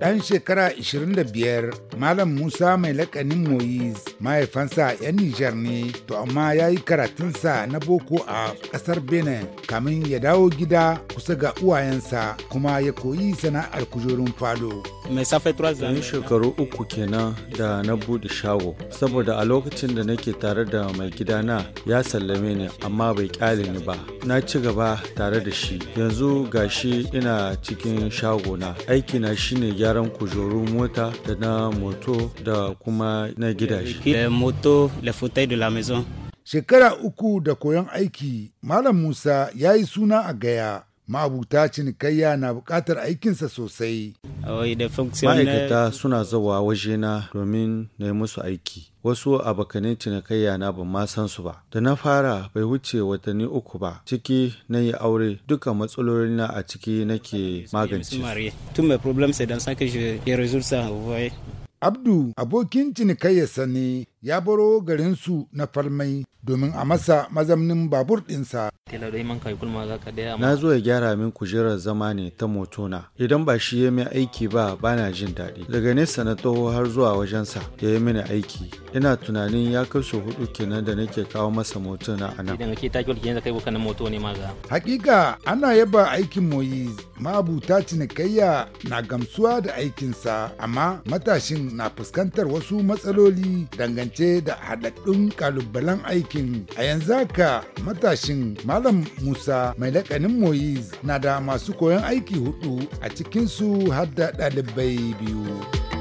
ɗan shekara 25 Malam Musa mai lakanin Moyes mahaifansa 'yan Nijar ne, to amma ya yi karatunsa na boko a ƙasar Benin kamin ya dawo gida kusa ga uwayensa kuma ya koyi sana'ar kujerun falo. Mai safe Yan shekaru uku kenan da na buɗe shago, saboda a lokacin da nake tare da mai gida na ya sallame ni amma bai ƙyale ni ba. Na ci gaba tare da shi, yanzu gashi ina cikin shago na Aikina shine gyaran kujerun mota da na moto da kuma na gidaje. Shekara uku da koyon aiki, Malam Musa ya yi suna a gaya. ma'abuta cinikayya na bukatar aikinsa sosai. Ma'aikata suna zawa na domin na yi musu aiki. Wasu abokanin cinikayya na ban ma san su ba. Da na fara bai wuce watanni uku ba, ciki na yi aure duka matsalolin na a ciki nake magance. Abdu abokin cinikayyarsa ne ya baro garinsu na falmai domin a masa mazamnin babur ɗinsa. Na zo ya gyara min kujerar zama ne ta motona. Idan ba shi ya mai aiki ba bana jin daɗi. Daga nesa na taho har zuwa wajensa ya yi mini aiki. Ina tunanin ya kai su hudu kenan da nake kawo masa motona a nan. Hakika ana yaba aikin Moyiz ta cinikayya na gamsuwa da aikinsa amma matashin na fuskantar wasu matsaloli dangane dangance da haɗaɗɗun ƙalubalen aikin a yanzu haka matashin malam musa mai laƙanin moyiz na da masu koyon aiki hudu a cikinsu har da ɗalibai biyu.